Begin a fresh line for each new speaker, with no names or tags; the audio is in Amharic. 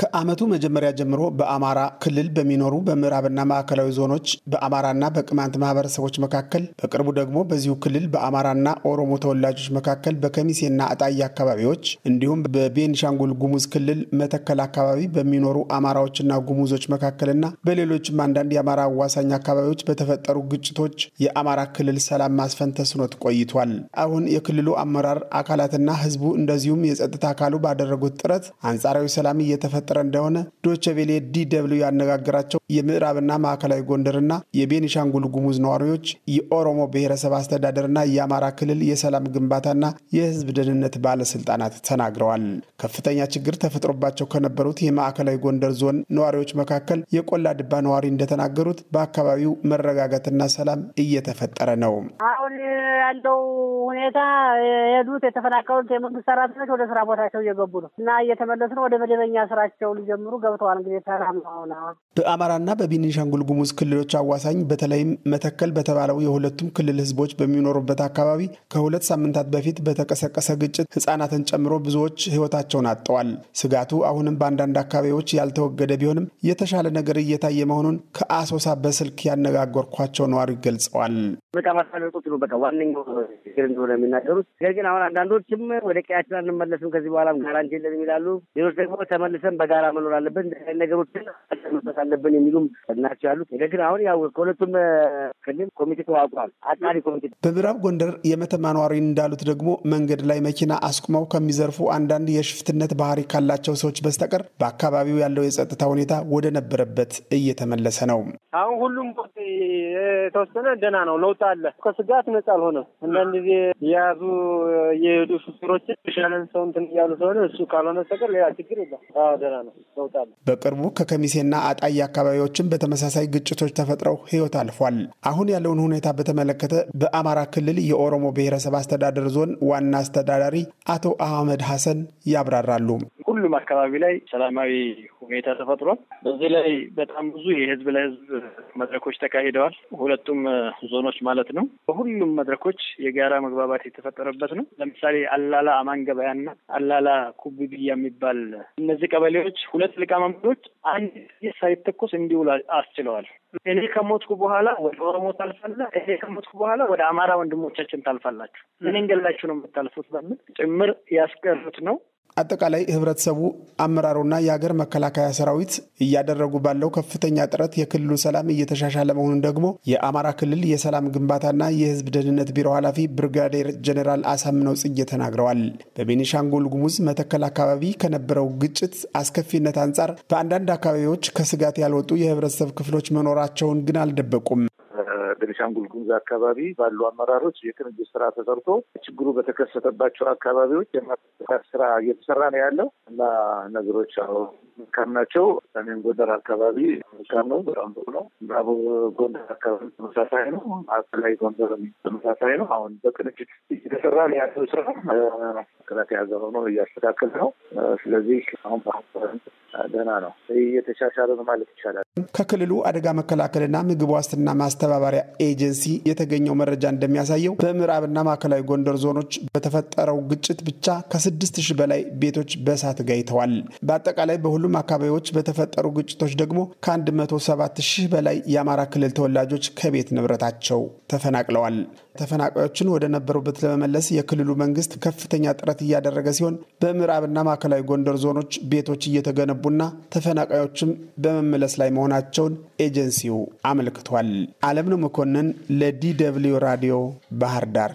ከዓመቱ መጀመሪያ ጀምሮ በአማራ ክልል በሚኖሩ በምዕራብና ማዕከላዊ ዞኖች በአማራና በቅማንት ማህበረሰቦች መካከል በቅርቡ ደግሞ በዚሁ ክልል በአማራና ኦሮሞ ተወላጆች መካከል በከሚሴና አጣዬ አካባቢዎች እንዲሁም በቤንሻንጉል ጉሙዝ ክልል መተከል አካባቢ በሚኖሩ አማራዎችና ጉሙዞች መካከልና በሌሎችም አንዳንድ የአማራ አዋሳኝ አካባቢዎች በተፈጠሩ ግጭቶች የአማራ ክልል ሰላም ማስፈን ተስኖት ቆይቷል። አሁን የክልሉ አመራር አካላትና ህዝቡ እንደዚሁም የጸጥታ አካሉ ባደረጉት ጥረት አንጻራዊ ሰላም እየተፈ እየተፈጠረ እንደሆነ ዶቸቬሌ ዲ ደብልዩ ያነጋገራቸው የምዕራብና ማዕከላዊ ጎንደርና የቤኒሻንጉል ጉሙዝ ነዋሪዎች የኦሮሞ ብሔረሰብ አስተዳደርና የአማራ ክልል የሰላም ግንባታና የህዝብ ደህንነት ባለስልጣናት ተናግረዋል። ከፍተኛ ችግር ተፈጥሮባቸው ከነበሩት የማዕከላዊ ጎንደር ዞን ነዋሪዎች መካከል የቆላ ድባ ነዋሪ እንደተናገሩት በአካባቢው መረጋጋትና ሰላም እየተፈጠረ ነው። አሁን ያለው ሁኔታ የሄዱት የተፈናቀሉት የመንግስት ሰራተኞች ወደ ስራ ቦታቸው እየገቡ ነው እና እየተመለሱ ነው ወደ መደበኛ ስራቸው ስራቸውን ሊጀምሩ ገብተዋል። እንግዲህ ሰላም ሆነ በአማራና በቤኒሻንጉል ጉሙዝ ክልሎች አዋሳኝ በተለይም መተከል በተባለው የሁለቱም ክልል ህዝቦች በሚኖሩበት አካባቢ ከሁለት ሳምንታት በፊት በተቀሰቀሰ ግጭት ህጻናትን ጨምሮ ብዙዎች ህይወታቸውን አጥተዋል። ስጋቱ አሁንም በአንዳንድ አካባቢዎች ያልተወገደ ቢሆንም የተሻለ ነገር እየታየ መሆኑን ከአሶሳ በስልክ ያነጋገርኳቸው ነዋሪ ገልጸዋል። በጣም አሳለጦች ነው በቃ ዋነኛው ችግር እንደሆነ የሚናገሩት። ነገር ግን አሁን አንዳንዶችም ወደ ቀያችን አንመለስም ከዚህ በኋላም ጋራንቲ የለን የሚላሉ ሌሎች ደግሞ ተመልሰን በጋራ መኖር አለብን፣ ነገሮችን መስራት አለብን የሚሉም ናቸው ያሉት። ነገር ግን አሁን ያው ከሁለቱም ክልል ኮሚቴ ተዋቋል፣ አጣሪ ኮሚቴ። በምዕራብ ጎንደር የመተማ ነዋሪ እንዳሉት ደግሞ መንገድ ላይ መኪና አስቁመው ከሚዘርፉ አንዳንድ የሽፍትነት ባህሪ ካላቸው ሰዎች በስተቀር በአካባቢው ያለው የጸጥታ ሁኔታ ወደ ነበረበት እየተመለሰ ነው። አሁን ሁሉም የተወሰነ ደህና ነው፣ ለውጥ አለ። ከስጋት ነጻ አልሆነም። አንዳንድ ጊዜ የያዙ የሄዱ ሹፌሮችን ሻለን ሰው እንትን እያሉ ስለሆነ እሱ ካልሆነ በስተቀር ሌላ ችግር የለም። ደህና ነው ይወጣሉ። በቅርቡ ከከሚሴና አጣይ አካባቢዎችን በተመሳሳይ ግጭቶች ተፈጥረው ህይወት አልፏል። አሁን ያለውን ሁኔታ በተመለከተ በአማራ ክልል የኦሮሞ ብሔረሰብ አስተዳደር ዞን ዋና አስተዳዳሪ አቶ አህመድ ሀሰን ያብራራሉ። ሁሉም አካባቢ ላይ ሰላማዊ ሁኔታ ተፈጥሯል። በዚህ ላይ በጣም ብዙ የህዝብ ለህዝብ መድረኮች ተካሂደዋል። ሁለቱም ዞኖች ማለት ነው። በሁሉም መድረኮች የጋራ መግባባት የተፈጠረበት ነው። ለምሳሌ አላላ አማን ገበያና አላላ ኩቢቢያ የሚባል እነዚህ ቀበሌዎች ሁለት ሊቀመንበሮች አንድ ሳይተኮስ እንዲውል አስችለዋል። እኔ ከሞትኩ በኋላ ወደ ኦሮሞ ታልፋለህ፣ እኔ ከሞትኩ በኋላ ወደ አማራ ወንድሞቻችን ታልፋላችሁ፣ እኔን ገላችሁ ነው የምታልፉት በሚል ጭምር ያስቀሩት ነው። አጠቃላይ ህብረተሰቡ፣ አመራሩና የሀገር መከላከያ ሰራዊት እያደረጉ ባለው ከፍተኛ ጥረት የክልሉ ሰላም እየተሻሻለ መሆኑን ደግሞ የአማራ ክልል የሰላም ግንባታና የህዝብ ደህንነት ቢሮ ኃላፊ ብርጋዴር ጀኔራል አሳምነው ጽጌ ተናግረዋል። በቤኒሻንጉል ጉሙዝ መተከል አካባቢ ከነበረው ግጭት አስከፊነት አንጻር በአንዳንድ አካባቢዎች ከስጋት ያልወጡ የህብረተሰብ ክፍሎች መኖራቸውን ግን አልደበቁም። በቤኒሻንጉል ጉሙዝ አካባቢ ባሉ አመራሮች የቅንጅት ስራ ተሰርቶ ችግሩ በተከሰተባቸው አካባቢዎች የማጥፋት ስራ እየተሰራ ነው ያለው እና ነገሮች አሁ መልካም ናቸው። ሰሜን ጎንደር አካባቢ መልካም ነው፣ በጣም ጥሩ ነው። ምዕራብ ጎንደር አካባቢ ተመሳሳይ ነው። ማዕከላዊ ጎንደር ተመሳሳይ ነው። አሁን በቅንጅት እየተሰራ ነው ያለው ስራ ከላት የያዘ ሆኖ እያስተካከል ነው። ስለዚህ አሁን ደህና ነው፣ እየተሻሻለ ነው ማለት ይቻላል። ከክልሉ አደጋ መከላከልና ምግብ ዋስትና ማስተባበሪያ ኤጀንሲ የተገኘው መረጃ እንደሚያሳየው በምዕራብና ማዕከላዊ ጎንደር ዞኖች በተፈጠረው ግጭት ብቻ ከስድስት ሺህ በላይ ቤቶች በእሳት ጋይተዋል። በአጠቃላይ በሁሉም አካባቢዎች በተፈጠሩ ግጭቶች ደግሞ ከአንድ መቶ ሰባት ሺህ በላይ የአማራ ክልል ተወላጆች ከቤት ንብረታቸው ተፈናቅለዋል። ተፈናቃዮችን ወደ ነበሩበት ለመመለስ የክልሉ መንግስት ከፍተኛ ጥረት እያደረገ ሲሆን በምዕራብና ማዕከላዊ ጎንደር ዞኖች ቤቶች እየተገነቡና ተፈናቃዮችም በመመለስ ላይ መሆናቸውን ኤጀንሲው አመልክቷል። አለምነው መኮንን ለዲ ደብልዩ ራዲዮ ባህር ዳር